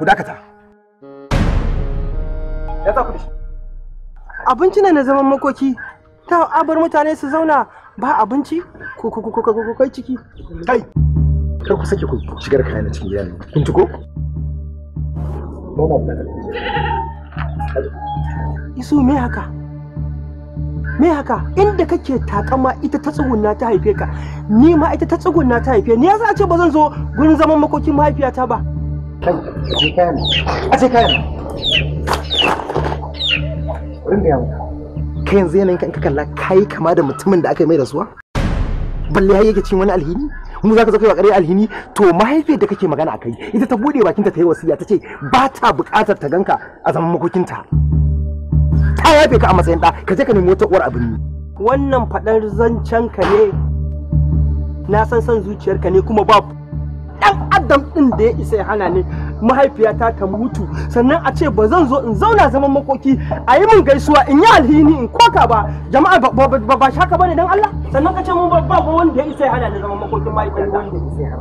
ku dakata ya za ku dashi. abinci ne na zaman makoki ta abar mutane su zauna ba abinci ko ko ko ko kai ciki kai kar ku sake ku shigar kayan cikin gidan nan kun tuko isu me haka me haka inda kake takama ita ta tsugunna ta haife ka ni ma ita ta tsugunna ta haife ni za a ce ba zan zo gurin zaman makokin mahaifiyata ba kai je Ka yanzu yanayin ka kalla kai kama da mutumin da aka yi mai rasuwa balle har yake cin wani alhini mu ka zaka yi wakare alhini to mahaifiyar da kake magana akai ita ta bude bakinta ta yi wasiya ta ce ba ta bukatar ta ganka a zaman makokinta ta yafe ka a matsayin da ka je ka nemi wata uwar abin wannan fadar zancen ka ne na san san zuciyarka ne kuma babu dan adam din da ya isa ya hana ni mahaifiyata ta mutu sannan a ce ba zan zo in zauna zaman makoki a yi min gaisuwa in yi alhini in koka ba jama'a ba ba shaka bane dan Allah sannan ka ce mun ba ba wanda ya isa ya hana ni zaman makokin mahaifiyata wanda ya isa ya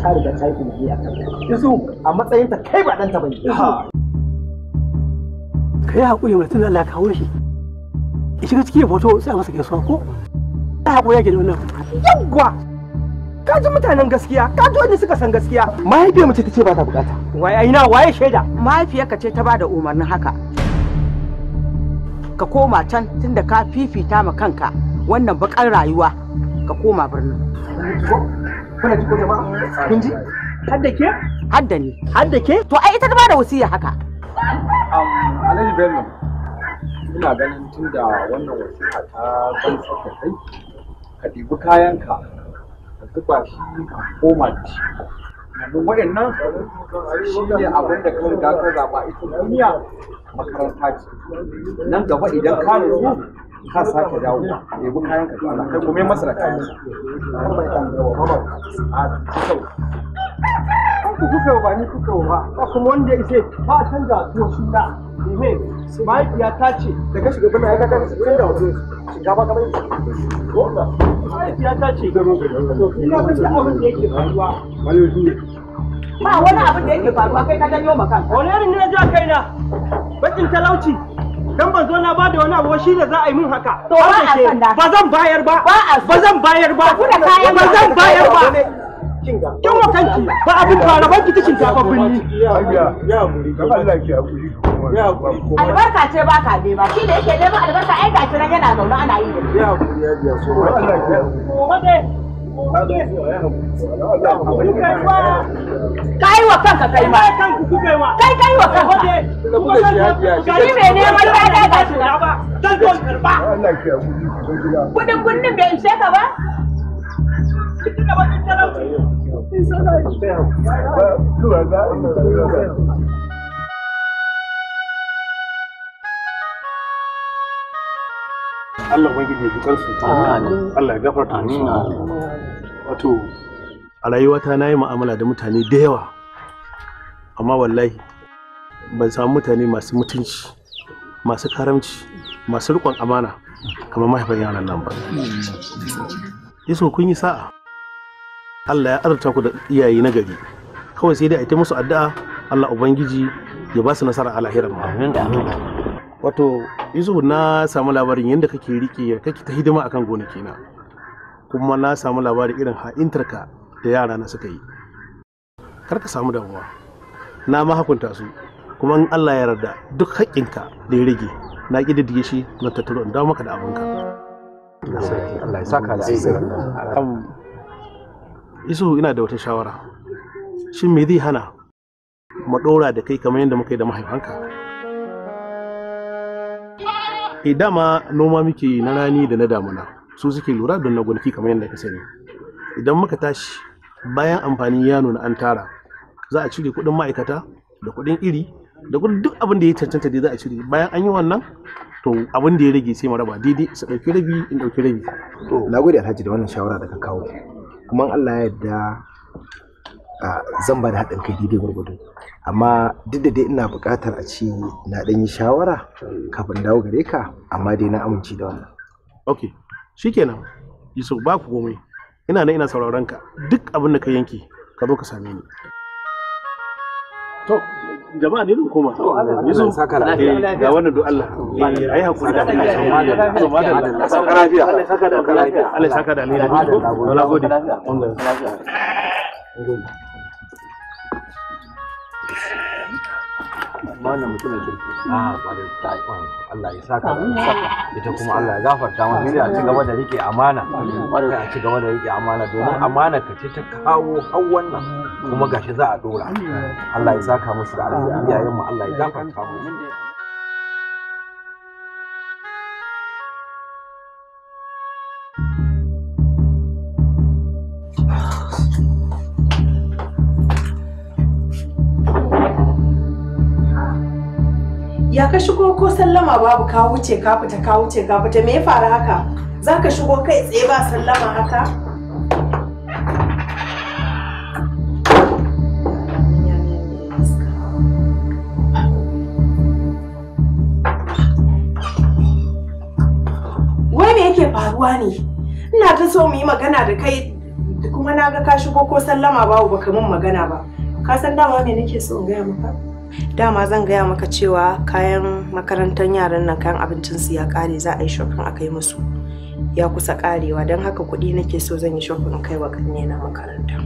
ta riga ta yi a kan Yusuf a matsayin ta kai ba dan ta bane kai hakuri mutum Allah ya kawo shi shiga ciki ya foto sai a masa gaisuwa ko ta hakuri yake da wannan yawwa ka ji mutanen gaskiya ka ji wanda suka san gaskiya mahaifiyar mace ta ce ba ta bukata waye aina waye shaida Mahaifiyar, ka ce ta ba da umarnin haka ka koma can tunda ka fifita ma kanka wannan bakar rayuwa ka koma birnin kuna ji ko jama'a kun ji hadda ke hadda ni hadda ke to ai ita ta bada da wasiya haka Alhaji Bello ina ganin tunda wannan wasiƙa ta ban tsaka kai ka ɗibi kayanka zuba shi ko mati domin nan. shi ne abin da kan riga ka ita duniya makaranta ce nan gaba idan ka nutsu ka sake dawo ka bi kayan ka kai kuma masara kayan ka ku kuka ba ni kuka ba ba kuma wanda ya ba a canza tuwa ta ce daga ya ga ta ce ta abin da yake faruwa ba wani da yake faruwa kai ka maka wani irin ne na ji talauci dan ban zo na ba da wani abu shi ne za a yi min haka to ba zan bayar ba ba zan bayar ba ba zan bayar ba kin wa kanki ba abin fara banki ta shinkafa ya muri Allah ki hakuri ya albarka ce ba ka dai ba shi da yake neman albarka ai gashi nan yana zaune ana yi ya hakuri ya biya so Allah ki hakuri kai wa kanka kai ma kai kai wa kanka shi mai neman ya ga gashi nan kudin kunnin bai ishe ka ba Allah ya gafarta musu wato a rayuwata na yi mu'amala da mutane da yawa amma wallahi ban samu mutane masu mutunci masu karamci masu rikon amana kamar mahaifin yaran nan ba yaso kun yi sa'a Allah ya azurta ku da iyaye na gari kawai sai dai a ta musu addu'a Allah ubangiji ya ba su nasara a lahirar ma wato Yusuf na samu labarin yadda kake rike kake ta hidima akan gonaki na kuma na samu labarin irin ha'intarka da yara na suka yi kar ka samu damuwa na ma hakunta su kuma in Allah ya yarda duk haƙƙinka da ya rage na ƙididdige shi na tattaro in dawo maka da abinka. Allah ya saka da isu ina da wata shawara shin me zai hana mu dora da kai kamar yadda muka yi da mahaifanka idan eh, ma noma muke na rani da na damuna su suke lura don na gonaki kamar yadda ka sani idan muka tashi bayan amfani ya nuna an tara za a cire kudin ma'aikata da kudin iri da kudin duk abin da ya cancanta dai za a cire bayan an yi wannan to abin da ya rage sai mu raba daidai su ɗauki rabi in ɗauki rabi. na gode alhaji da wannan shawara da ka kawo kuma Allah ya yarda zan ba da haɗin kai daidai gwargwado amma duk da dai ina buƙatar a ci na ɗan yi shawara kafin dawo gare ka amma dai na amince da wannan ok shikenan yusuf ba ku komai ina nan ina sauraron ka duk abin da ka yanke ka zo ka same ni to jama'a ne koma yanzu saka lafiya eh, ga wannan do Allah ai hakuri da Allah to madalla saka lafiya Allah saka da lafiya Allah saka da lafiya to na gode wannan mutumin kirki a kwarin ta Allah ya saka ita kuma Allah ya gafarta masa ne a ci gaba da rike amana kwarin a ci gaba da rike amana domin amana ka ce ta kawo har wannan kuma gashi za a dora Allah ya saka musu da alheri iyayen mu Allah ya gafarta musu ya ka shigo ko sallama babu ka wuce ka fita ka wuce ka fita me ya faru haka za ka shigo kai tsaye ba sallama haka wai me yake faruwa ne ina ta so mu yi magana da kai kuma na ga ka shigo ko sallama babu baka min magana ba ka san dama me nake so in gaya maka dama zan gaya maka cewa kayan makarantar yaran nan kayan abincinsu ya kare za a yi shopping a kai musu ya kusa karewa don haka kuɗi nake so zan yi shopping kai wa kanne na makaranta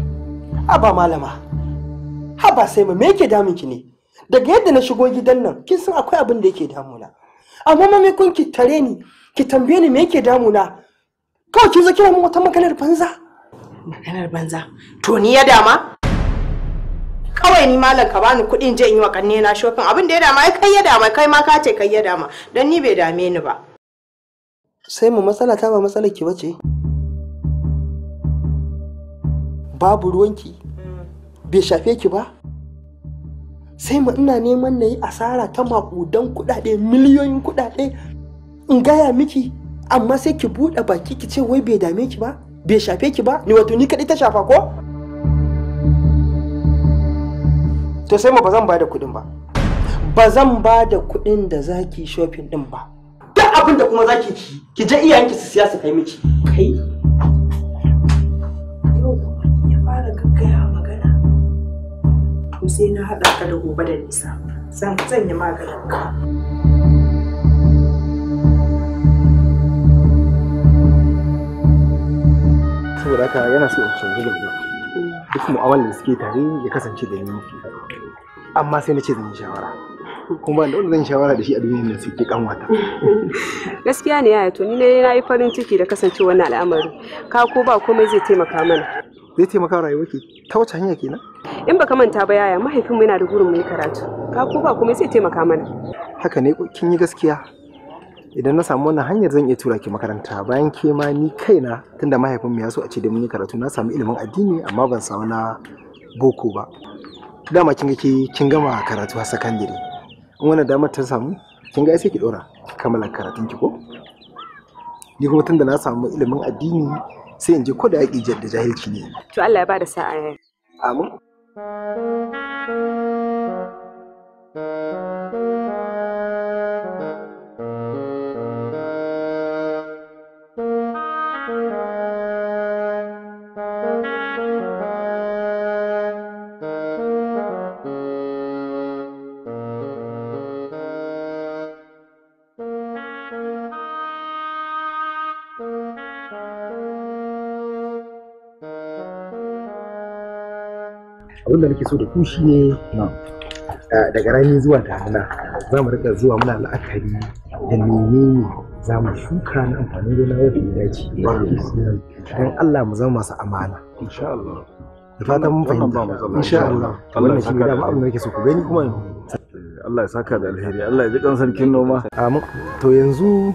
haba malama haba sai ma me yake damun ki ne daga yadda na shigo gidan nan kin san akwai abin da yake damuna amma mami kun ki tare ni ki tambaye ni me yake damuna kawai kin zo kira min wata maganar banza maganar banza to ni ya dama kawai ni malam ka bani kuɗin je in yi wa kanne na shopping abin da ya dama ai kai ya dama kai ma ka ce kai ya dama don ni bai dame ni ba sai mu matsala ta ba matsalar ki bace babu ruwanki bai shafe ki ba sai mu ina neman na yi asara ta makudan kuɗaɗe miliyoyin kuɗaɗe in gaya miki amma sai ki buɗe baki ki ce wai bai dame ki ba bai shafe ki ba ni wato ni kaɗai ta shafa ko to sai ma ba zan ba da kuɗin ba ba zan ba da kuɗin da zaki shopping din ba duk abin da kuma zaki ki ki je iyayenki su siya su kai miki kai ya fara gaggaya magana to sai na haɗa ka da gobe da nisa zan sanya maganin ka saboda haka yana so in canji da duk mu'amalar da suke tare ya kasance da ni mafi amma sai na ce zan yi shawara kuma da wanda zan shawara da shi a duniyar nan kan wata gaskiya ne ya to ni ne na yi farin ciki da kasance wannan al'amari ka ko ba komai zai taimaka mana zai taimaka rayuwar ki ta wace hanya kenan in baka manta ba yaya mahaifinmu yana da gurin mai karatu ka ko ba komai zai taimaka mana haka ne kin yi gaskiya idan na samu wannan hanyar zan iya tura ki makaranta bayan ke ma ni kaina tunda mahaifinmu ya so a ce da mun yi karatu na samu ilimin addini amma ban samu na boko ba dama kin ga ke kin gama karatu a sakandare in wannan dama ta samu kin ga sai ki dora kammala karatun ki ko ni kuma tunda na samu ilimin addini sai in je ko da yaki da jahilci ne to Allah ya bada sa'a amin nake so da ku ne eh, daga rani zuwa damuna za mu rika zuwa muna la'akari da menene za mu shuka na amfanin gona wanda ya dace don Allah mu zama masu amana insha Allah da fatan mun fahimta insha Allah wannan shi da abin da so ku gani kuma eh, Allah ya saka da alheri Allah ya ji kan sarkin noma to yanzu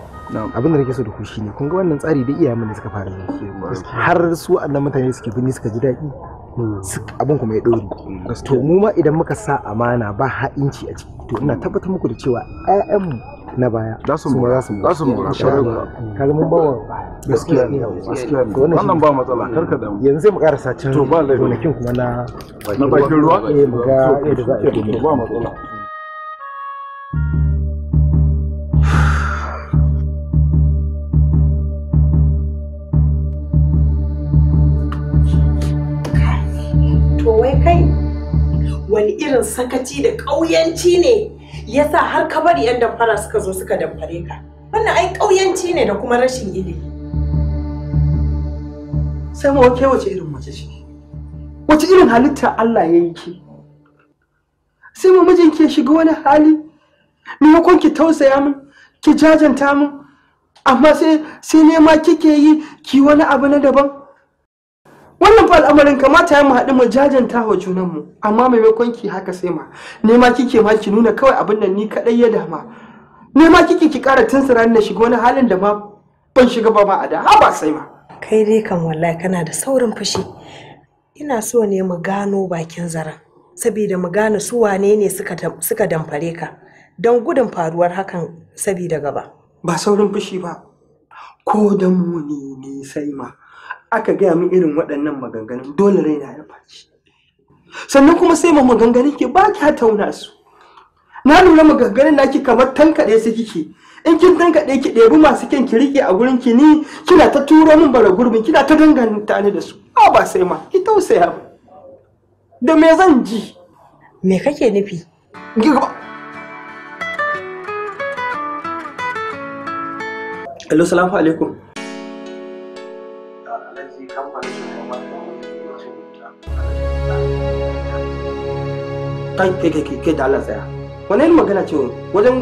abin da nake so da ku shine kun ga wannan tsari da iyayen mu ne suka fara yi har su annan mutane suke bini suka ji daɗi abin kuma ya ɗori to mu ma idan muka sa amana ba ha'inci a ciki to ina tabbatar muku da cewa 'ya'yanmu na baya za su mura za su mura kaga mun bawa gaskiya ne gaskiya ne wannan ba matsala karka damu yanzu sai mu karasa can to ba laifi kuma na na bakin ruwa eh mu ga yadda za a yi ba matsala irin sakaci da ƙauyanci ne yasa har ka bari 'yan damfara suka zo suka damfare ka wannan ai ƙauyanci ne da kuma rashin ilimi sai ma wake wace irin mace ce wace irin halitta Allah ya yi ki sai ma mijinki ya shiga wani hali maimakon ki tausaya min ki jajanta min amma sai sai ma kike yi ki wani abu na daban wannan fa al'amarin kamata ya mu haɗu mu jajanta wa junanmu amma maimakon ki haka sai ma nema kike ma ki nuna kawai abin nan ni kaɗai ya dama nema kike ki ƙara tunsura na shiga wani halin da ma ban shiga ba ma a da sai ma kai dai kan wallahi kana da saurin fushi ina so ne mu gano bakin zaren saboda mu gane su wane ne suka damfare ka don gudun faruwar hakan saboda gaba ba saurin fushi ba ko da mu ne sai ma aka gaya min irin waɗannan maganganun dole raina ya faci sannan kuma sai ma maganganun ke ba ki tauna su na lura maganganun naki kamar tankaɗe su kike in kin tankaɗe ki ɗebi masu kyan ki rike a gurin ki ni kina ta turo min bara gurbin kina ta danganta ni da su ba ba sai ma ki tausaya ba da me zan ji me kake nufi Hello, salamu alaikum. kai kai kai kai da Allah tsaya wani irin magana ce wajen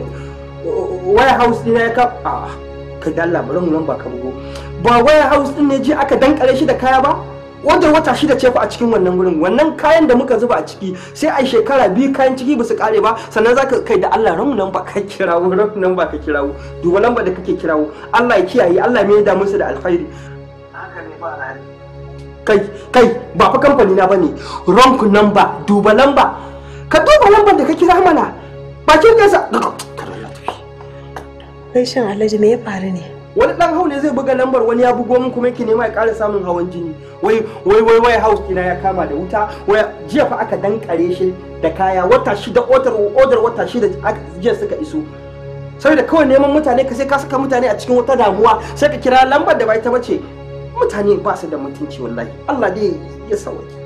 waya house din ya ka a kai da Allah bari mu lamba ka bugo ba waya house din ne ji aka dankare shi da kaya ba wanda wata shida ce fa a cikin wannan gurin wannan kayan da muka zuba a ciki sai a shekara biyu kayan ciki ba su kare ba sannan zaka kai da Allah ran nan ba ka kirawo ran nan ba ka kirawo duba lamba da kake kirawo Allah ya kiyaye Allah mai ya musu su da alkhairi haka ne ba kai kai ba fa kamfani na bane rank number duba lamba ka duba lambar da ka kira mana bakin kansa kai shin alhaji me ya faru ne wani dan haule zai buga lambar wani ya bugo mun kuma yake nema ya ƙara samun hawan jini wai wai wai wai house kina ya kama da wuta wai jiya fa aka dankare shi da kaya wata shida order odar wata shida jiya suka iso saboda kawai neman mutane ka sai ka saka mutane a cikin wata damuwa sai ka kira lambar da bai ta bace mutane ba su da mutunci wallahi Allah dai ya sauke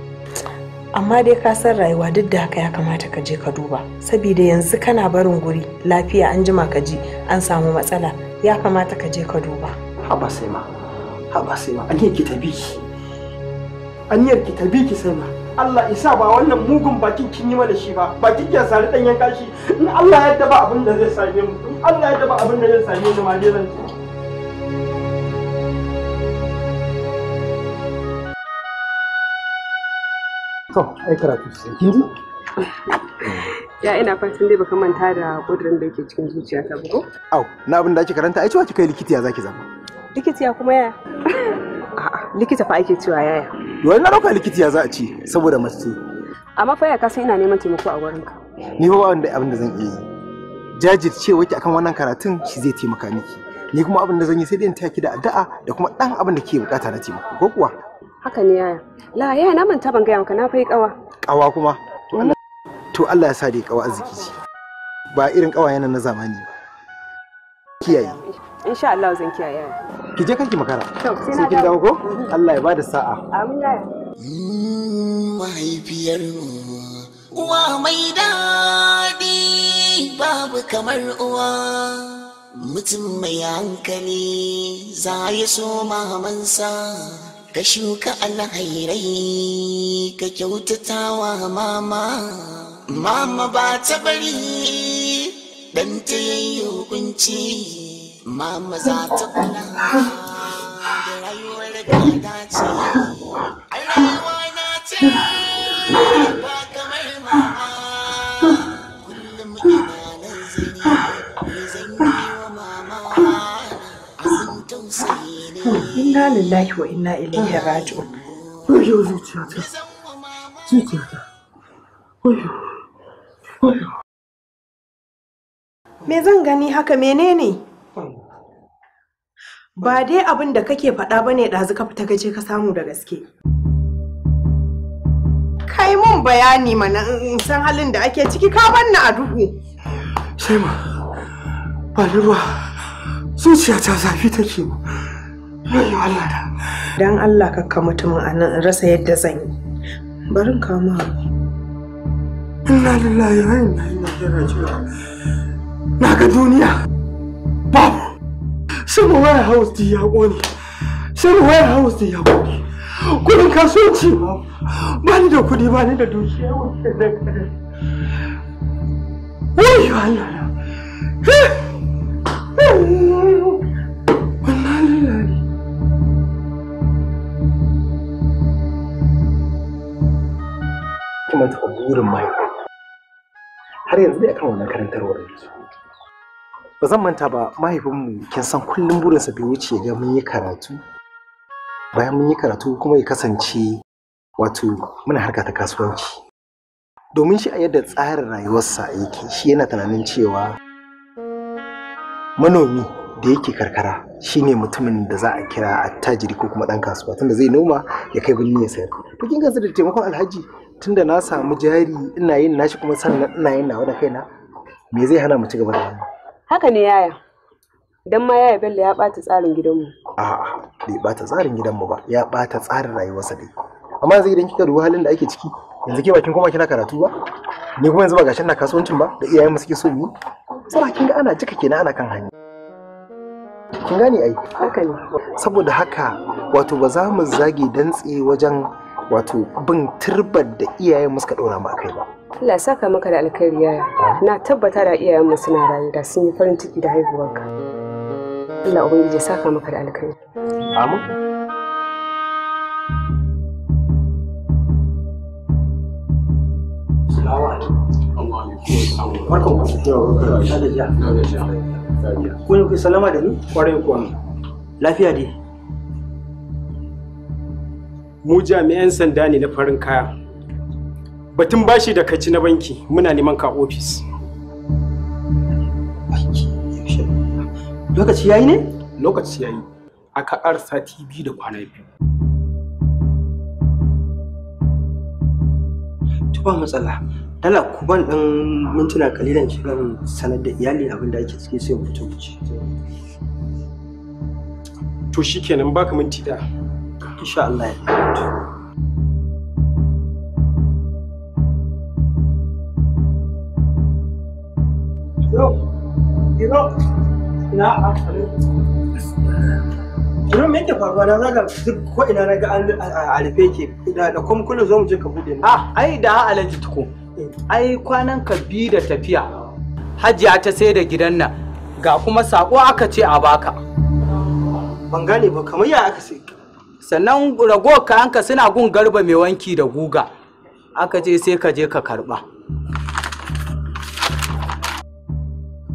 amma dai ka san rayuwa duk da haka ya kamata ka je ka duba saboda yanzu kana barin guri lafiya an jima ka ji an samu matsala ya kamata ka je ka duba haba sai ma haba sai ma an ki tabi ki an ki tabi ki sai ma Allah isa ba wannan mugun bakin kin yi mana shi ba bakin ya sari danyen kashi in Allah ya yarda ba abin da zai same mu in Allah ya yarda ba abin da zai same ni ma dai zan ci to ai karatu sai kin ji ya ina fatan dai baka manta da kudirin da yake cikin zuciya ta bugo au na abin da ake karanta ai cewa kika likita, likitiya zaki zama Likita kuma yaya likita fa ake cewa yaya wani na dauka likitiya za a ci saboda mace amma fa ya kasan ina neman taimako a ka. ni ba wanda abin da zan iya yi jajircewa ki akan wannan karatun shi zai taimaka miki ni kuma abin da zan yi sai dai in taya ki da addu'a da kuma dan abin da ke bukata na taimako ko kuwa haka ne yaya la yaya na manta ban gaya maka na fai kawa kawa kuma to Allah ya sa dai kawa arziki ce ba irin kawa yana na zamani ba kiyaye insha Allah zan kiyaye ki je kanki makara sai kin dawo ko Allah ya bada sa'a amin yaya mahaifiyar uwa mai daɗi babu kamar uwa mutum mai hankali za ya so mamansa ka shuka alhairai ka kyautatawa mama mama ba ta bari dan ta yayi hukunci mama za ta kula da rayuwar ka dace a rayuwa na ce ba kamar mama kullum ina nan zini ne zan yi inna lillahi wa inna ilaihi raji'un oyo zuciya ta, oyo oyo me zan gani haka menene ba dai abin da kake faɗa ba ne ɗazu ka fita gaje ka samu da gaske kai mun bayani mana in san halin da ake ciki ka banna a duhu shema ba ruwa zuciyata zafi take mu Dan Allah ka kakka mutumin a nan rasa yadda zan yi. Barin kama abu. Inna lillahi wa inna ilaihi raji'un. Na ga duniya. Babu. Sama waya house din ya kone. Sama waya house din ya kone. Kudin kasuwanci ba ni da kudi ba ni da dukiya wannan da kare. Wai Allah. Wannan lillahi. fatima ta burin mai har yanzu dai akan wannan karantarwar ba zan manta ba mahaifinmu kin san kullum sa bai wuce ga mun yi karatu bayan mun yi karatu kuma ya kasance wato muna harka ta kasuwanci domin shi a yadda tsarin rayuwarsa yake shi yana tunanin cewa manomi da yake karkara shine mutumin da za a kira attajiri ko kuma dan kasuwa tunda zai noma ya kai birni ya sayar to kin da taimakon alhaji tunda na samu jari ina yin nashi kuma sannan ina yin nawa da kaina me zai hana mu ci gaba da wannan haka ne yaya dan ma yaya bello ya bata tsarin gidanmu a'a bai bata tsarin gidanmu ba ya bata tsarin rayuwarsa dai amma yanzu idan kika duba halin da ake ciki yanzu ke bakin kuma kina karatu ba ni kuma yanzu ba gashin na kasuwancin ba da iyayen mu suke so yi sai kin ga ana jika kenan ana kan hanya kin gane ai haka ne saboda haka wato ba za mu zage dantse wajen wato bin turbar da iyayen mu ɗaura ɗora mu kai ba Allah saka maka da alkhairi yaya na tabbata da iyayen mu suna rayu da sun yi farin ciki da haihuwarka Allah ubangiji saka maka da alkhairi amin barkan ku da jiya ku ne kuke salama da ni mu jami'an sanda ne na farin kaya batun bashi da kaci na banki muna neman ka ofis lokaci yayi ne lokaci yayi aka arsa tv da kwana biyu ba matsala dala kuban ɗan mintuna kalilan shirin sanar da iyali abin da ake ciki sai mutum kenan ci to shikenan baka minti da insha Allah ya Kiran me yake faruwa na zaga duk ko ina na ga a ke da kuma kullum zo mu je ka bude Ah ai da alaji tuko eh. ai kwanan ka bi da tafiya hajiya ta sai da gidan nan ga kuma sako aka ce a baka ban gane ba kamar ya aka sai sannan rago kayanka suna gun garba mai wanki da guga aka je sai ka je ka karba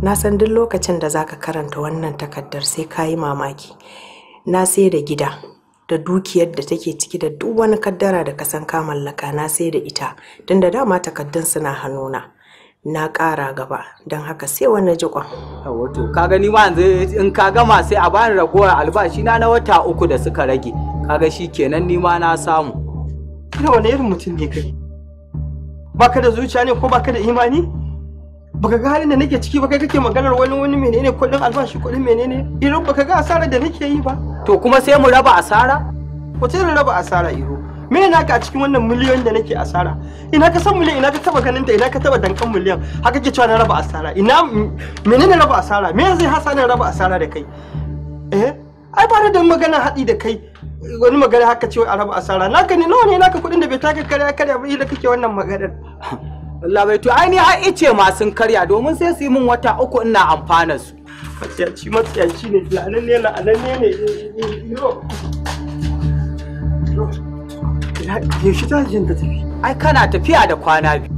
na san duk lokacin da za ka karanta wannan takardar sai ka yi mamaki na sai da gida da dukiyar da take ciki da duk wani kaddara da kasan san ka mallaka na sai da ita tunda dama takardun suna hannuna na ƙara gaba don haka sai wani jikon. wato ka gani ma in ka gama sai a bani ragowar albashi na na wata uku da suka rage kaga shi kenan ni ma na samu ina wani irin mutum ne kai baka da zuciya ne ko baka da imani baka ga halin da nake ciki ba kai kake maganar wani wani menene kuɗin albashi kuɗin menene irin baka ga asara da nake yi ba to kuma sai mu raba asara wace irin raba asara iro me na ka cikin wannan miliyon da nake asara ina ka san miliyan ina ka taba ganin ta ina ka taba dankan miliyan haka ke cewa na raba asara ina menene raba asara me zai hasa na raba asara da kai eh ai ba da magana haɗi da kai wani magana haka ce a raba asara naka ne nawa ne naka kuɗin da bai take karya karya ba da kake wannan maganar Allah bai to ai ni har ice ma sun karya domin sai su yi min wata uku ina amfana su matsiyaci matsiyaci ne la'ananne la'ananne ne eh, eh, eh, yo shi ta jin ta tafi ai kana tafiya da kwana biyu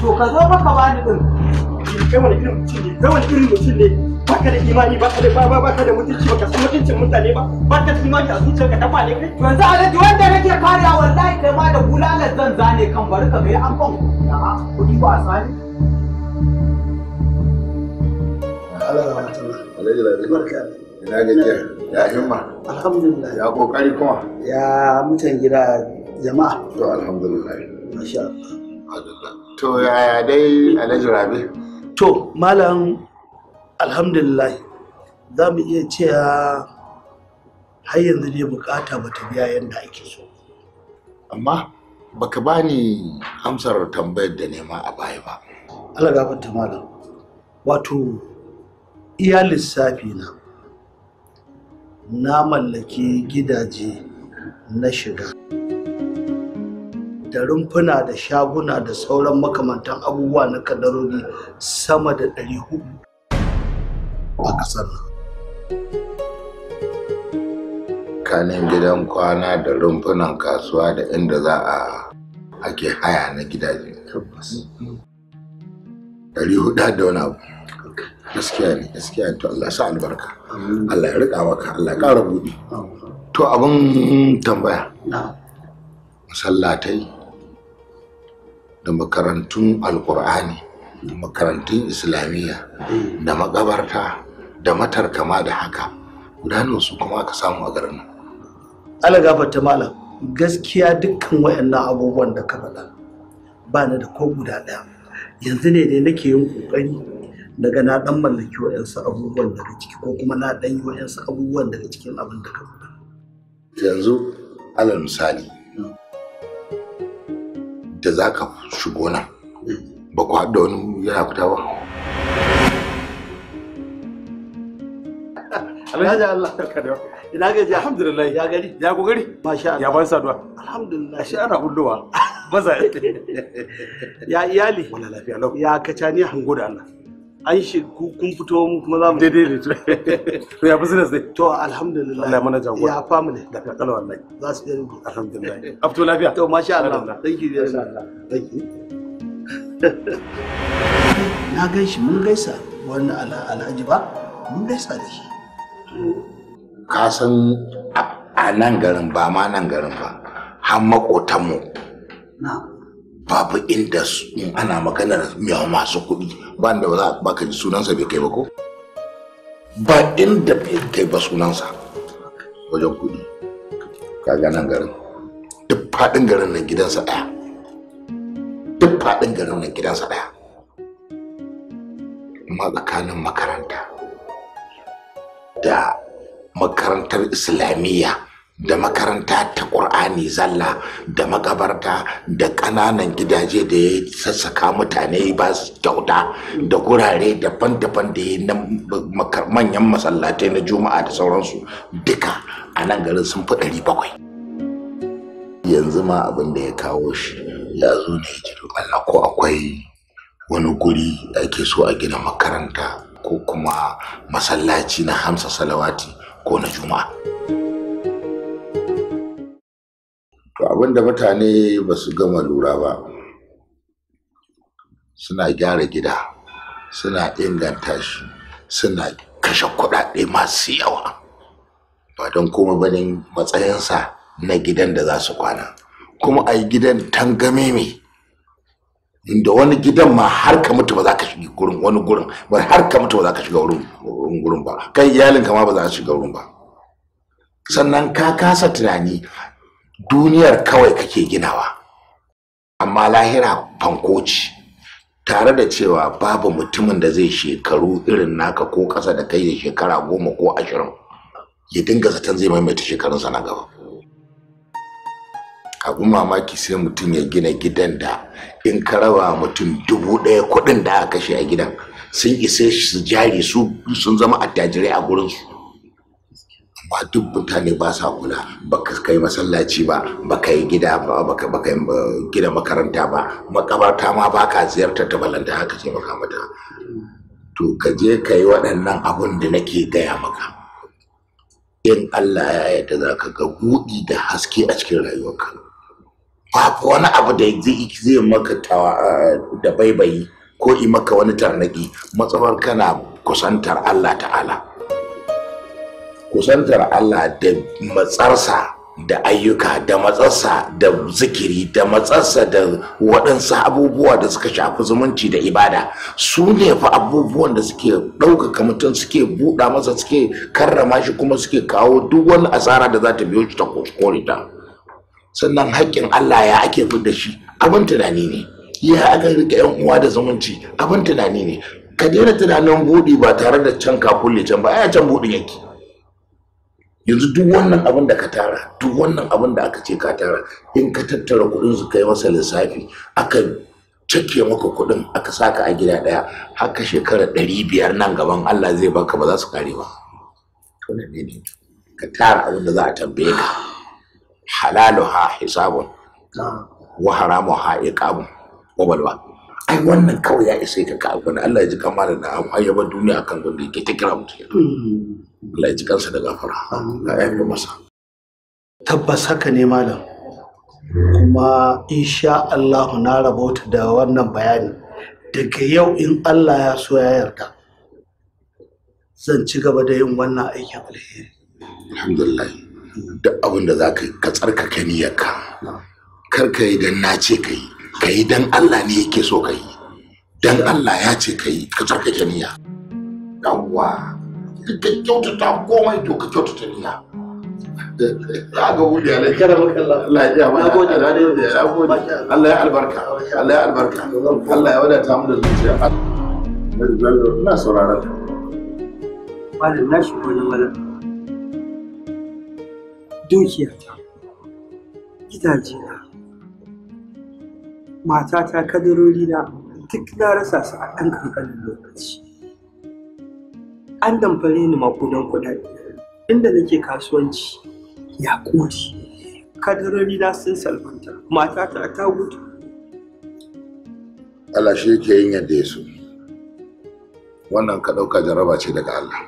to ka zo ka bani din kai wani irin mutum ne kai wani irin mutum ne baka da imani baka da ba baka da mutunci baka san mutuncin mutane ba baka da imani a zuciyarka ta fale kai yanzu alaji wanda nake kariya wallahi kai ma da bulalar zan zane kan bari ka ga an ban kuɗi ba sani Allah ya rahmatullah alaihi rahmatullah Ina gajiya, ya himma. Alhamdulillah. Ya kokari kuma. Ya mutan gida jama'a. To alhamdulillah. Masha Allah. To yaya dai Alhaji Rabi? to malam alhamdulillah za mu iya cewa har yanzu dai bukata ba ta biya yadda ake so amma baka bani amsar tambayar da nema a baya ba Allah gafarta malam wato iya lissafi na na mallaki gidaje na shiga da rumfuna da shaguna da sauran makamantan abubuwa na kadarori sama da 400 a ƙasar nan. Kanin gidan kwana da rumfunan kasuwa da inda za a ake haya na gidaje. Tabbas. Ɗari da wani abu. Gaskiya ne, gaskiya ne. To Allah sa albarka. Allah ya riƙa maka, Allah ya ƙara buɗe. To abin tambaya. Masallatai. da makarantun alkur'ani da makarantun islamiyya da makabarta da matarkama da haka gudanar su kuma aka samu a garin alagabar ta malam gaskiya dukkan wayannan abubuwan da ka faɗa ba ni da ko guda ɗaya yanzu ne dai nake yin ƙoƙari daga na ɗan mallaki wayansu abubuwan daga ciki ko kuma na ɗan yi wayansu abubuwan daga cikin abin da ka faɗa yanzu alal misali da za ka shigo nan ba ku haɗa wani yana fita ba ya gari ya ya ban saduwa alhamdulillah shi ana hulluwa ya iyali ya kaca ni hango da Allah an shi kun fito mu kuma za mu daidai ne to ya business sai to alhamdulillah Allah ya mana jago ya fa mu ne da kakal wallahi za su yi rubu alhamdulillah afto lafiya to masha Allah thank you very much thank you na gan shi mun gaisa wannan ala alhaji ba mun gaisa da shi ka san a nan garin ba ma nan garin ba har makotan mu na'am babu inda ana maganar miyawa masu kuɗi ba da za ba ka ji sunansa bai kai ba ko ba inda bai kai ba sunansa wajen kuɗi ka nan garin duk faɗin garin nan gidansa ɗaya duk faɗin garin nan gidansa ɗaya amma tsakanin makaranta da makarantar islamiyya da makaranta ta ƙur'ani zalla da makabarta da ƙananan gidaje da ya sassaka mutane ba su kyauta da gurare daban-daban da ya na manyan masallatai na juma'a da sauransu duka a nan garin sun fi ɗari bakwai yanzu ma abin da ya kawo shi ya zo ne ya ji ko akwai wani guri ake so a gina makaranta ko kuma masallaci na hamsa salawati ko na juma'a. to abinda mutane ba su gama lura ba suna gyara gida suna inganta shi suna kashe kuɗaɗe masu yawa ba don kuma banin matsayinsa na gidan da za su kwana kuma a gidan tangame mai inda wani gidan ma har ka mutu ba za ka shiga gurin wani gurin ba har ka mutu ba za ka shiga wurin gurin ba kai iyalinka ma ba za ka shiga wurin ba sannan ka kasa tunani duniyar kawai kake ginawa amma lahira fankoci tare da cewa babu mutumin da zai shekaru irin naka ko ƙasa da kai da shekara goma ko ashirin ya dinga zaton zai maimaita shekarunsa na gaba abin mamaki sai mutum ya gina gidan da in ka raba mutum dubu ɗaya kuɗin da aka kashe a gidan sun isa su jari su sun zama attajirai a gurinsu ba duk mutane ba sa kula ba ka kai masallaci ba ba ka yi gida makaranta ba makabarta ma ba ka ziyartar ta balanta haka ce maka mata to ka je ka yi waɗannan abun da nake gaya maka in Allah ya yarda za ka ga buɗi da haske a cikin rayuwarka babu wani abu da zai maka da baibayi ko i maka wani tarnaki matsawar kana kusantar Allah ta'ala kusantar Allah da matsarsa da ayyuka da matsarsa da zikiri da matsarsa da waɗansu abubuwa da suka shafi zumunci da ibada su ne fa abubuwan da suke ɗaukaka mutum suke buɗa masa suke karrama shi kuma suke kawo duk wani asara da za ta biyo shi ta kore ta sannan haƙƙin Allah ya ake fi da shi abin tunani ne ya aka rika yan uwa da zumunci abin tunani ne ka daina tunanin buɗi ba tare da can ka kulle can ba ai can buɗin yake yanzu duk wannan abin da ka tara duk wannan abin da aka ce ka tara in ka tattara kuɗin su kai masa lissafi aka cike maka kuɗin aka saka a gida ɗaya haka shekara ɗari biyar nan gaban Allah zai baka ba za su kare ba ka tara abin da za a tambaye ka halalu ha hisabun wa haramu ha iqabun wa ai wannan kawai ya isa ka ka abin Allah ya ji kama da na'am ayyaba duniya akan gunda ke ta kira mutum Allah ya ji kansa da gafara Allah ya yi masa tabbas haka ne malam kuma insha Allah na rabauta da wannan bayani daga yau in Allah ya so ya yarda zan ci gaba da yin wannan aikin alheri alhamdulillah duk abin da za ka yi ka tsarkaka niyyarka kar ka yi dan na ce ka yi ka yi dan Allah ne yake so ka yi dan Allah ya ce ka yi ka tsarkake niyya yawwa duk ka kyautata komai to ka kyautata niyya za ga wuri Allah ya Allah ya albarka Allah ya albarka Allah ya wadata mu da zuciya ina sauraron ka malam na na malam dukiya ta gidaje na matata kadarori na duk na rasa su a ɗan kankanin lokaci an damfare ni makudan kuɗaɗe inda nake kasuwanci ya ƙoci kadarori na sun salmanta, matata ta gudu Allah shi yake yin yadda ya so wannan ka ɗauka jaraba ce daga Allah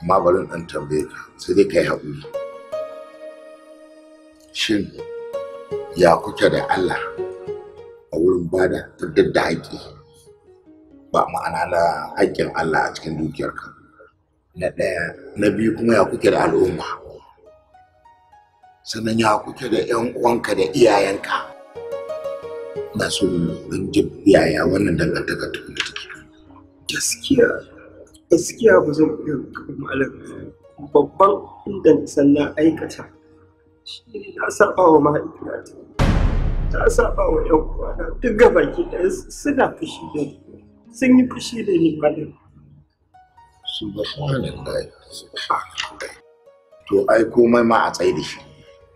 amma bari in ɗan tambaye ka sai dai kai haƙuri shin ya kuke da Allah a wurin bada da haƙƙi ba ma'ana na haƙƙin Allah a cikin dukiyarka na ɗaya na biyu kuma ya kuke da al'umma sannan ya kuke da 'yan uwanka da iyayenka na so in ji yaya wannan dangantaka ta kuma take gaskiya gaskiya ba zan iya malam babban inda sannan aikata shi ta saba wa mahaifiyata ta saba wa 'yan uwana duk gabaki ɗaya suna fushi da sun yi fushi da ni malam subhanallahi subhanallahi to ai komai ma a tsaye da shi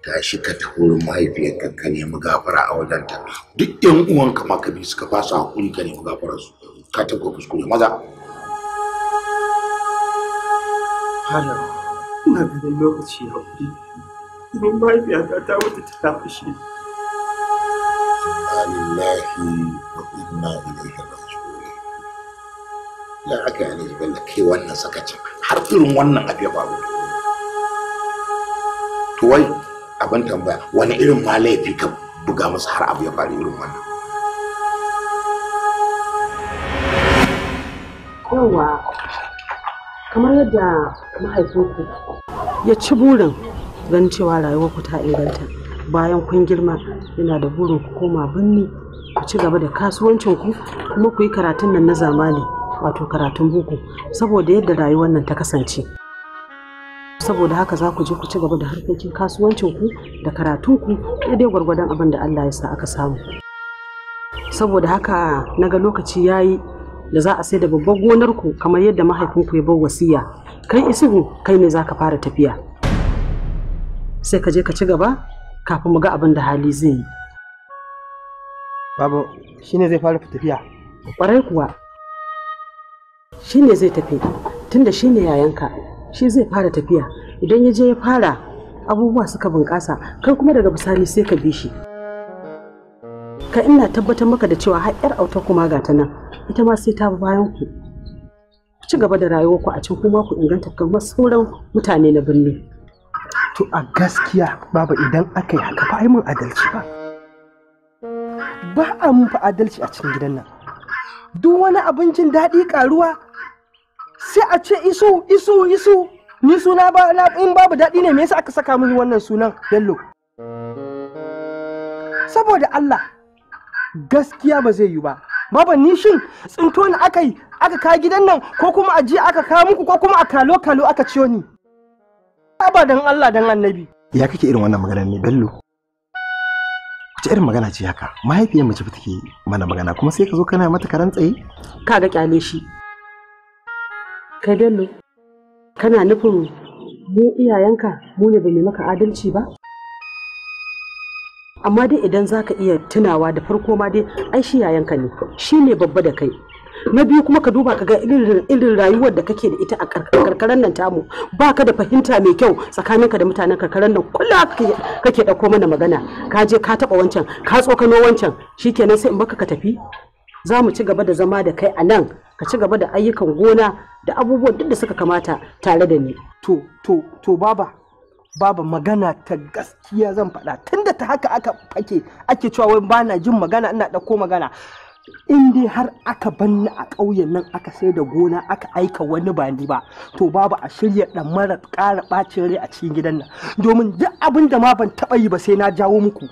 tashi ka ta wurin mahaifiyarka ka nemi gafara a wajen ta duk ƴan uwanka ma ka bi suka fasa hakuri ka nemi gafara su ka tabba kuskure maza hana ina ganin lokaci ya hakuri domin mahaifiyata ta wuce ta tafi shi. Alillahi wa inna ilaihi raji'un. ya haka ya ne kai wannan sakacin har irin wannan abu ya faru to wai abin tambaya wani irin ma laifi ka buga masa har abu ya faru irin wannan yawa kamar yadda mahaifinku ya ci burin ganin cewa rayuwar ku ta inganta bayan kun girma yana da burin ku koma birni ku ci gaba da kasuwancin ku kuma ku yi karatun nan na zamani wato karatun boko saboda yadda rayuwar nan ta kasance saboda haka za ku je ku ci gaba da harkokin kasuwancin ku da karatunku daidai gwargwadon abin da Allah ya sa aka samu saboda haka na ga lokaci yayi da za a sai da babban ku kamar yadda mahaifin ku ya bar wasiya kai isuhu kai ne za ka fara tafiya sai ka je ka ci gaba kafin mu ga abin da hali zai yi babu shine zai fara tafiya kwarai kuwa shi ne zai tafi tunda shi ne yayanka shi zai fara tafiya idan ya je ya fara abubuwa suka bunƙasa kai kuma daga bisani sai ka bi shi ka ina tabbatar maka da cewa har yar auta kuma ga ta nan ita ma sai ta bayan ku ci gaba da rayuwar ku a can kuma ku inganta kamar sauran mutane na birni to a gaskiya baba idan aka yi haka ba ai mun adalci ba ba a mun fa adalci a cikin gidan nan duk wani abincin jin daɗi karuwa sai a ce isu isu isu ni suna ba na in babu daɗi ne me yasa aka saka mini wannan sunan bello saboda Allah gaskiya ba zai yi ba baba ni shin tsinto ne aka yi aka ka gidan nan ko kuma a ji aka kawo muku ko kuma a kalo kalo aka ciyo ni ba dan Allah dan annabi ya kake irin wannan magana ne bello ta irin magana ce haka mahaifiyar mace take mana magana kuma sai ka zo kana mata karan tsaye kaga kyale shi kai bello kana nufin mu iyayenka mu ne bai maka adalci ba amma dai idan za ka iya tunawa da farko ma dai ai shi yayanka ne shi ne babba da kai na biyu kuma ka duba ka ga irin rayuwar da kake da ita a karkarar nan tamu ba ka da fahimta mai kyau tsakaninka da mutanen karkarar nan kula kake ɗauko mana magana ka je ka taɓa wancan ka tsokano wancan shikenan sai in baka ka tafi za mu ci gaba da zama da kai a nan ka ci gaba da ayyukan gona da abubuwan duk da suka kamata tare da ni to to to baba baba magana ta gaskiya zan faɗa tunda ta haka aka fake ake cewa wai bana jin magana ina dauko magana in dai har aka banni a ƙauyen nan aka sai da gona aka aika wani ba ba to babu a shirya dan mara ƙara ɓacin rai a cikin gidan nan domin duk abin da ma ban taɓa yi ba sai na jawo muku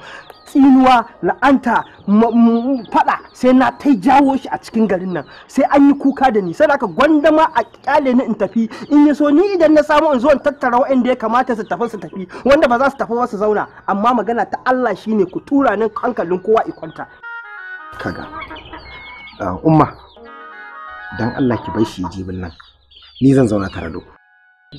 tsinuwa la'anta mm, fada sai na ta jawo shi a cikin garin nan sai an yi kuka da ni sai aka gwandama a kyale ni in tafi in ya so ni idan na samu in zo in tattara wa'anda ya kamata su tafi su tafi wanda ba za su tafi ba su zauna amma magana ta Allah shine ku tura nan hankalin kowa ikonta kaga umma dan Allah ki bar shi jibin nan ni zan zauna tare da ku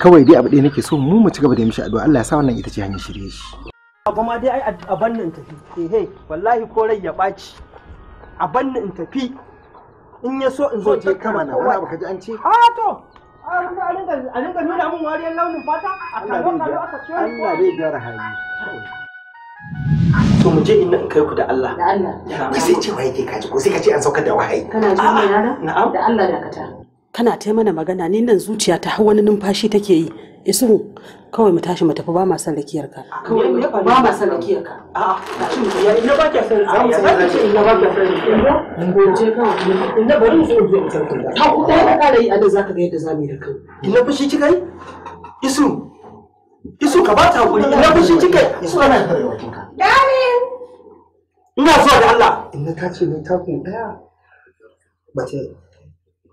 kawai dai abu ɗaya nake so mu mu ci gaba da mishi addu'a Allah ya sa wannan ita ce hanyar shirye shi abu ma dai a banna in tafi eh, hehe wallahi ko rai ya ɓaci a banna in tafi in ya so in zo je kama na wani abu ji an ce a to a rinka nuna min wariyar launin fata a kan kalo aka ce Allah zai hali to mu je in in kai ku da Allah da Allah ka sai cewa yake kaji ko sai ka ce an saukar da wahayi kana ji mai yana na'am da Allah kata kana ta mana magana ni nan zuciya ta wani numfashi take yi isuhu kawai mu tashi mu tafi ba ma son rakiyar ka kawai ba ma son rakiyar ka a'a ya ina ba ka son za mu san ce ina ba ka son mun goce ka ina bari mu zo mu tantu ta ku da ka kare yi anan zaka ga yadda zamu yi da kai ina fushi kika yi isu isu ka ba ta hakuri ina fushi kika yi isu ana dani ina zuwa da Allah ina ta ce ni takun daya bace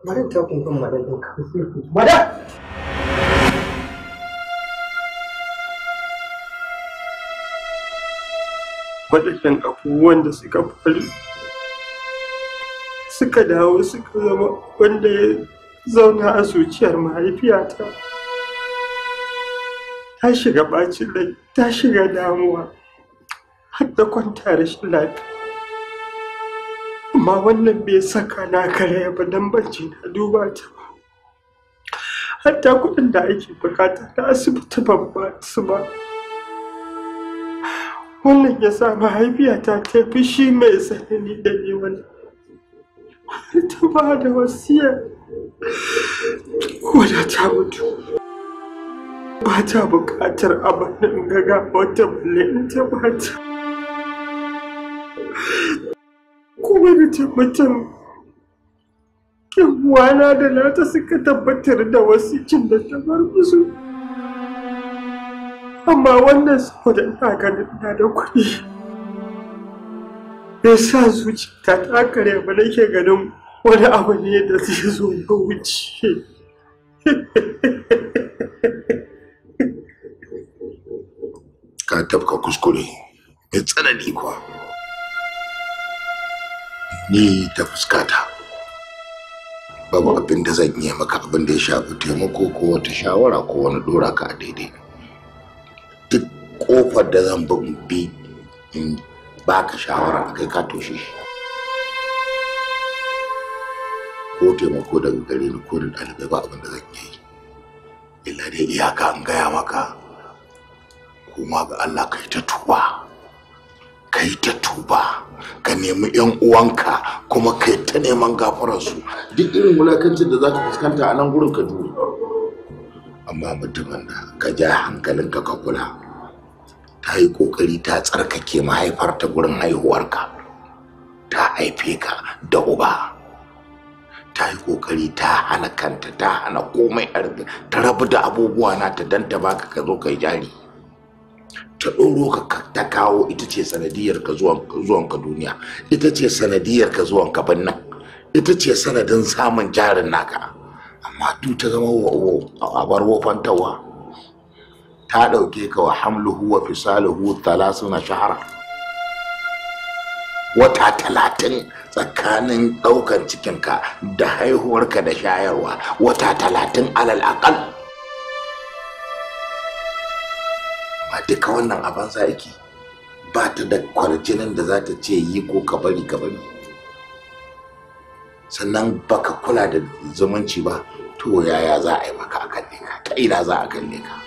bari takun kan madan ɗinka madan waɗannan abubuwan da suka faru suka dawo suka zama wanda ya zauna a zuciyar mahaifiyata ta shiga ɓacin rai ta shiga damuwa har da kwanta rashin lafiya amma wannan bai saka na karaya ba don banci na duba ta ba hatta kuɗin da ake bukata ta asibiti ba su ba wannan ya sa mahaifiyata ta fushi mai tsanani da ni wani har ta ba da wasiya koda ta mutu ba ta bukatar abin gaga wata balle in ta bata kuma da tabbatar yan uwana da nata suka tabbatar da wasu cin da ta bar musu amma wannan saboda ina ganin ina da kuɗi ya sa zuciya ta kare ba nake ganin wani abu ne da zai zo ya wuce ka tafka kuskure mai tsanani kuwa ni ta fuskata babu abin da zan iya maka abin da ya shafi taimako ko wata shawara ko wani dora ka a daidai kofar da zan bi in baka shawara a kai ka toshe shi ko taimako daga gare ni ko da ɗalibai ba abin da zan yi illa dai iyaka an gaya maka kuma ga Allah kai ta tuba kai ta tuba ka nemi yan uwanka kuma kai ta neman su duk irin wulakancin da za fuskanta a nan gurin ka jure amma mutumin da ka ja hankalinka ka kula ta yi ƙoƙari ta tsarkake mahaifar ta gurin haihuwarka ta haife ka da uba ta yi ƙoƙari ta hana kanta ta hana komai a ta rabu da abubuwa na ta dan ta baka ka zo kai jari ta ɗoro ka ta kawo ita ce sanadiyar ka zuwan ka duniya ita ce sanadiyar ka zuwan ka ita ce sanadin samun jarin naka amma tu ta zama a bar wofantawa ta ɗauke ka wa hamluhu wa fisaluhu talasuna shahara wata talatin tsakanin ɗaukan cikinka da haihuwarka da shayarwa wata talatin alal aƙal ma duka wannan abin za'iki ba ta da kwarjinin da za ta ce yi ko ka bari ka bari sannan baka kula da zumunci ba to yaya za a yi maka a kalle ka ta ina za a kalle ka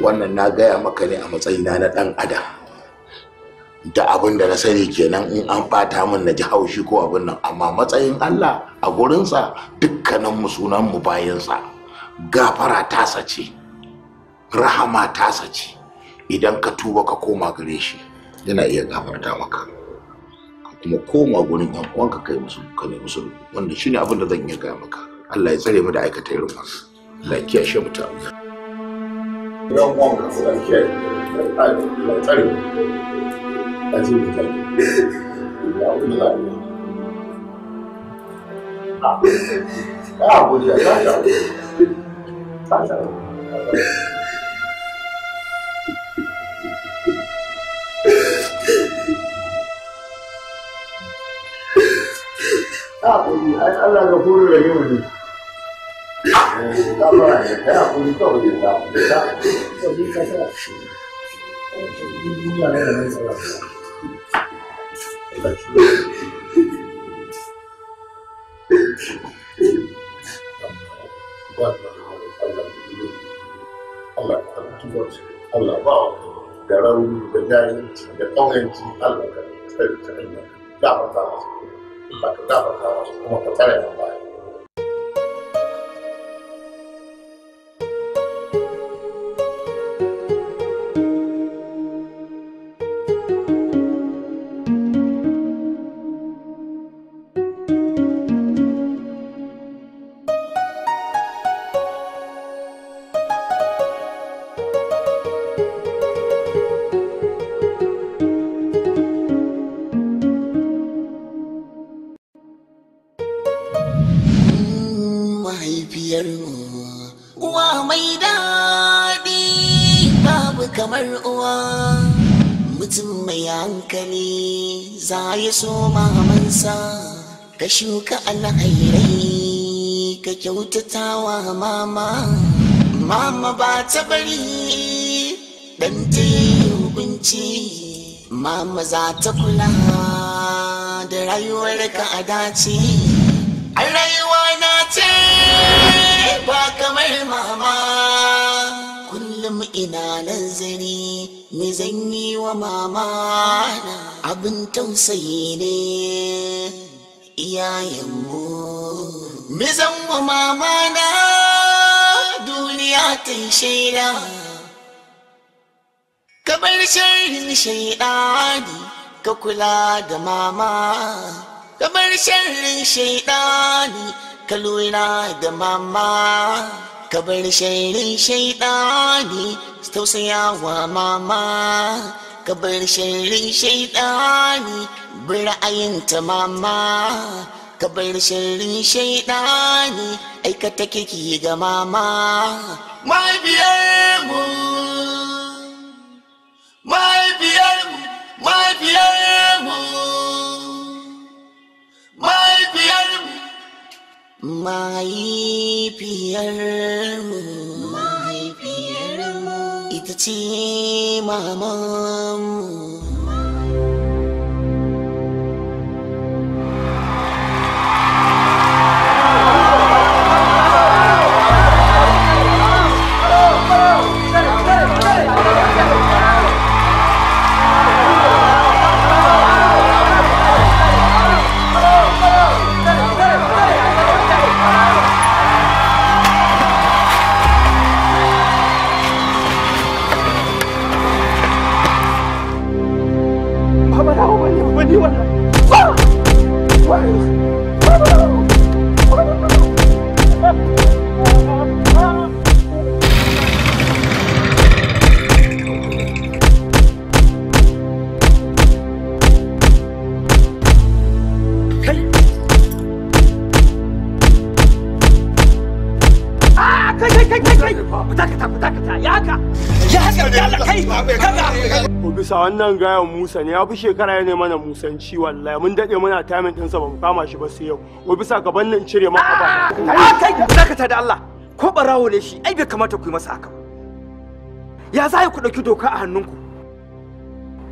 wannan na gaya maka ne a matsayina na ɗan adam da abin da na sani kenan in an ɓata min na ji haushi ko abin nan amma matsayin Allah a gurinsa dukkanin mu sunan mu bayansa gafara ta sace, rahama ta sace. idan ka tuba ka koma gare shi yana iya gafarta maka kuma koma gurin yan uwanka kai musu ka ne musu wanda shine abin da zan iya gaya maka Allah ya tsare mu da aikata irin wannan Allah ya kiyashe mu ta 不要慌，不要骗人，太老太老了，太辛苦太辛苦，你聊什么来着？啊，那不行，那不行，不行，不不行，不行，不行，不行，不不不不不不 ne shugaba ne kai hakuri kawai ya ta ta Allah ka ba da rauni da jayi da ƙauyenci Allah kuma ka tsare mu baya sa ka shuka alhairai ka kyautatawa mama mama ba ta bari dan ta yi hukunci mama za ta kula da rayuwar ka a dace a rayuwa na ce ba kamar mama kullum ina nazari me zan yi wa mama abin tausayi ne iyayenmu me zan wa mama na duniya ta shaida kamar sharrin shaidani ka kula da mama kamar sharrin shaidani ka lura da mama ka bar ne shaidani wa mama ka bar shairin shaidani bin ra'ayinta mama ka bar shairin shaidani aikata kiki ga mama mahaifiyarmu mahaifiyarmu mahaifiyarmu mahaifiyarmu mahaifiyarmu ita ce mamanmu wannan gayan musa ne ya fi shekara ya nema na musanci wallahi mun dade muna tamin ɗinsa ba mu kama shi ba sai yau ko bisa ka bannin cire maka ba kai dakata da Allah ko barawo ne shi ai bai kamata ku yi masa haka ya za ku ɗauki doka a hannunku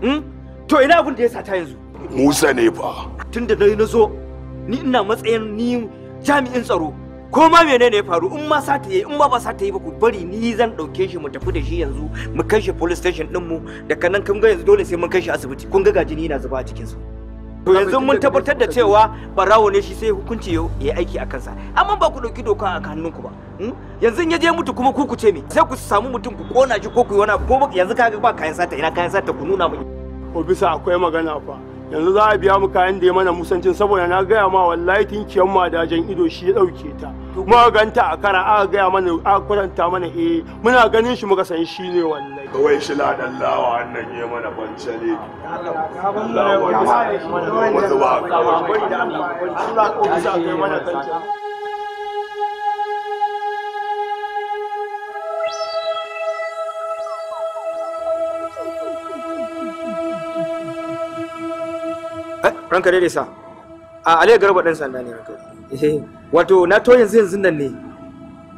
hmm? to ina abin da ya sata yanzu musa ne fa tunda na zo ni ina matsayin ni jami'in tsaro ko ma menene ya faru in ma ta yi in ba ba ta yi ba ku bari ni zan dauke shi mu tafi da shi yanzu mu kai shi police station din mu da kanan kun ga yanzu dole sai mun kai shi asibiti kun ga gajini na zuba a cikin su to yanzu mun tabbatar da cewa barawo ne shi sai hukunci ya yi aiki a kansa amma ba ku dauki doka a hannunku ba hmm? yanzu ya je mutu kuma ku ce me sai ku samu mutum ku kona shi ko ku yi wani abu ko yanzu kaga ba kayan sata ina kayan sata ku nuna mu ko bisa akwai magana fa yanzu za a biya mu kayan da ya mana musanci saboda na gaya ma wallahi tinkiyan madajan ido shi ya ɗauke ta muka ganta a kara aka gaya mana aka kwatanta mana eh muna ganin shi muka san shi ne wallahi kawai shi la dallawa annan ya mana bancale Allah ya ba mu da Allah ko bisa kai mana kancin ranka dai sa a aliyu garba ɗan sanda ne ranka eh, wato na to yanzu yanzu nan ne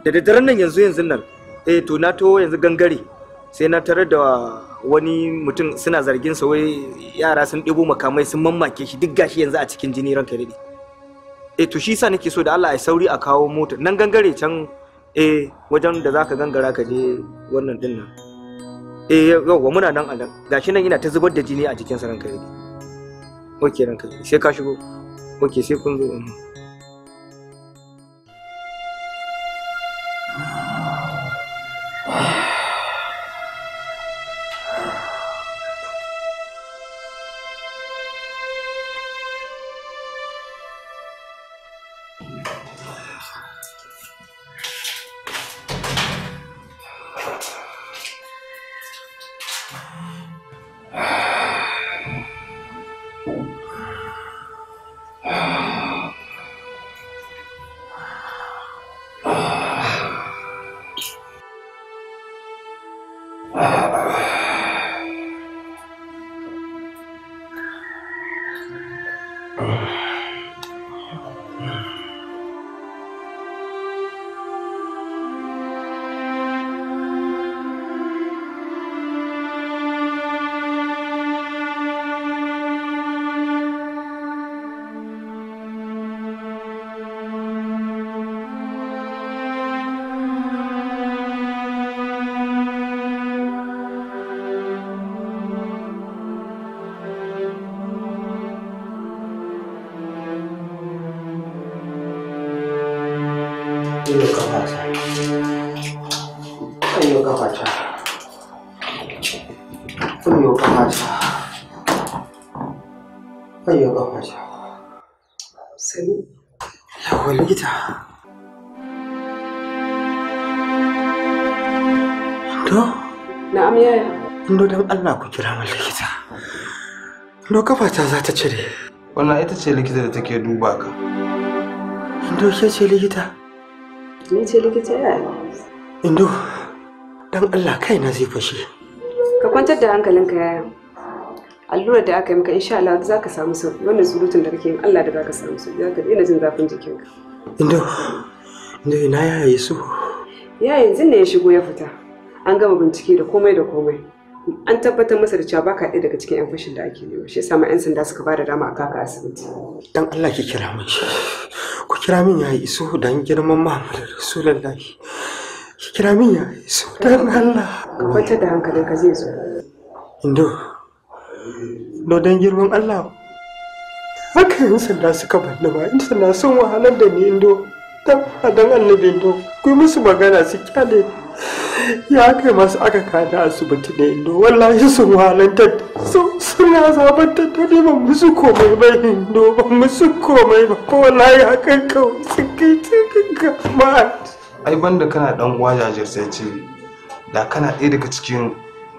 da daddaren nan yanzu yanzu nan eh to na to yanzu gangare sai na tarar da wani mutum suna zargin sa wai yara sun ɗebo makamai sun mammake shi duk gashi yanzu a cikin jini ranka dai eh to shi sa nake so da Allah ya sauri a kawo mota nan gangare can eh wajen da zaka gangara ka je wannan din nan eh yau muna nan a nan gashi nan ina ta zubar da jini a jikin sa ranka dai ok ranka sai ka shigo ok sai kun zo ku kira min likita kafa ta za ta cire wannan ita ce likita da take duba ka indo ke ce likita ni ce likita ya indo dan allah kaina zai fashe ka kwantar da hankalinka yaya Allura da aka yi maka insha Allah za ka samu sauki wannan surutun da kake yin Allah da za ka samu sauki za ka daina jin zafin jikinka indo indo ina yaya su ya yanzu ne ya shigo ya fita an gama bincike da komai da komai an tabbatar masa da cewa baka ɗaya daga cikin 'yan fashin da ake nema shi yasa ma 'yan sanda suka bada dama a kaka asibiti dan Allah ki kira min shi ku kira min ya iso dan girman Muhammadu Rasulullahi ki kira min ya iso dan Allah ka kwantar da ka zai zo indo no dan girman Allah haka yin sanda suka banna ba in sanda sun wahalar da ni indo dan annabi indo ku yi musu magana su kyale ya kai masu aka kada asibiti da indo wallahi sun walantar suna zabantar da ne ba musu komai ba indo ba musu komai ba ko wallahi hakan kawai sun kai cikin gama ai banda kana dan uwa ce da kana ɗaya daga cikin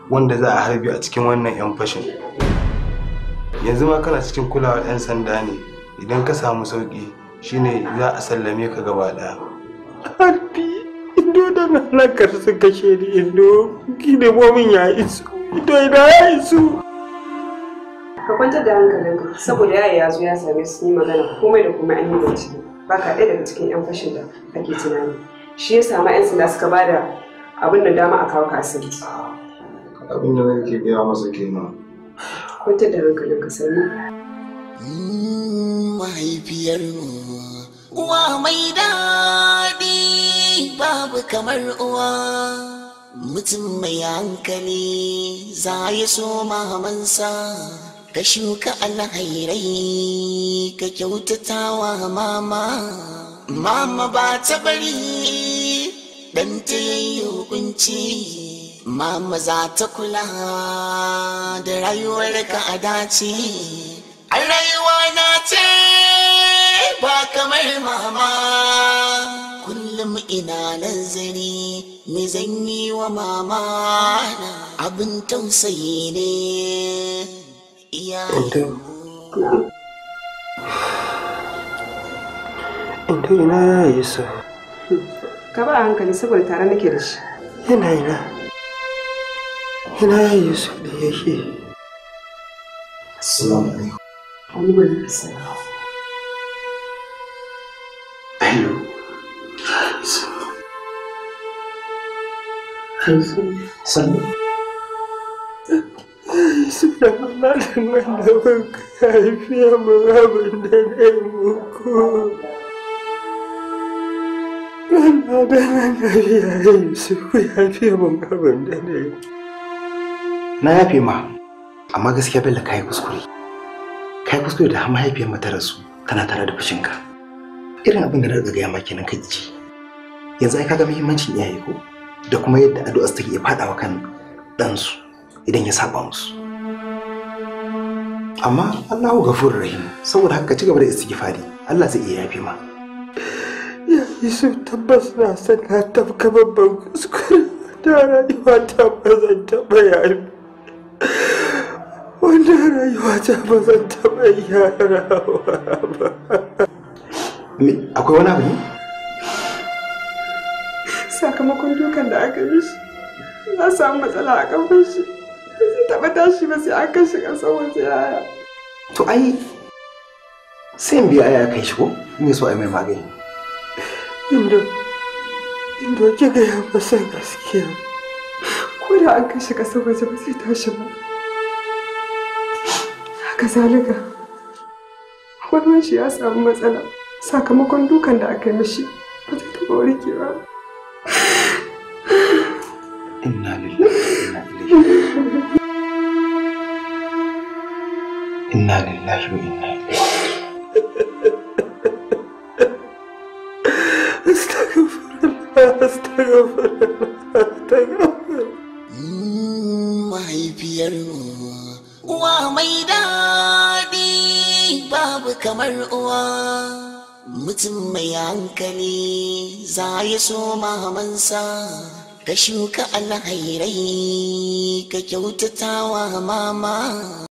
wanda za a harbi a cikin wannan yan fashin yanzu ma kana cikin kulawar yan sanda ne idan ka samu sauki shine za a sallame ka gaba ɗaya harbi indo da halakar su kashe ni indo hidimomin ya isu ido ina ya isu ka kwantar da hankalinka saboda yaya ya zo ya same su yi magana komai da komai an yi bincike ba ka ɗaya daga cikin 'yan fashin da ake tunani shi ya samu 'yan sanda suka ba da abin da dama a kawo ka asibiti abin da nake gaya masa kenan kwantar da hankalinka sani mm, mahaifiyar uwa mai daɗi babu kamar uwa mutum mai hankali za ya so mamansa ka shuka alhairai ka kyautata kyautatawa mama mama ba ta bari dan ta yi hukunci mama za ta kula da rayuwar ka a dace a rayuwa na ce ba kamar mama kullum ina nazari mi zan yi wa mama abin tausayi ne inda ina ya yi sa ka ba hankali saboda tare nake da shi yana ina ina ya yi su da yake assalamu alaikum sannu suna mu da yi muku da su ku mu da yi. Na yafe ma, amma gaskiya Bello ka yi kuskure. Ka yi kuskure da mahaifiyar mata rasu Kana tare da fushinka. Irin abin da na gaya ma kenan ka ji. Yanzu ga muhimmancin iyaye ko? da kuma yadda addu'ar take iya faɗawa kan ɗansu idan ya saba musu amma Allahu gafur rahim saboda haka ci gaba da istighfari Allah zai iya yafe ma ya isu tabbas na san ka tafka babban kuskure da rayuwa ta ba zan taɓa yare wanda rayuwa ta ba zan taɓa yara ba akwai wani abu sakamakon dukan da aka yi shi su samu matsala a kafin shi ba zai taɓa tashi ba sai an kai shi ƙasar waje yaya to ai sai in biya yaya kai shi ko me so yi mai magani Inda inda ki ga ya ba san gaskiya ko da an kashi shi waje ba zai tashi ba haka zalika wannan shi ya samu matsala sakamakon dukan da aka yi mishi ba zai taɓa warkewa ba inna lillahi wa inna ilaihi inna lillahi wa inna ilaihi mm, mahaifiyar uwa mai daɗi babu kamar uwa mutum mai hankali za ya so mamansa ka shuka alhairai ka kyautatawa mama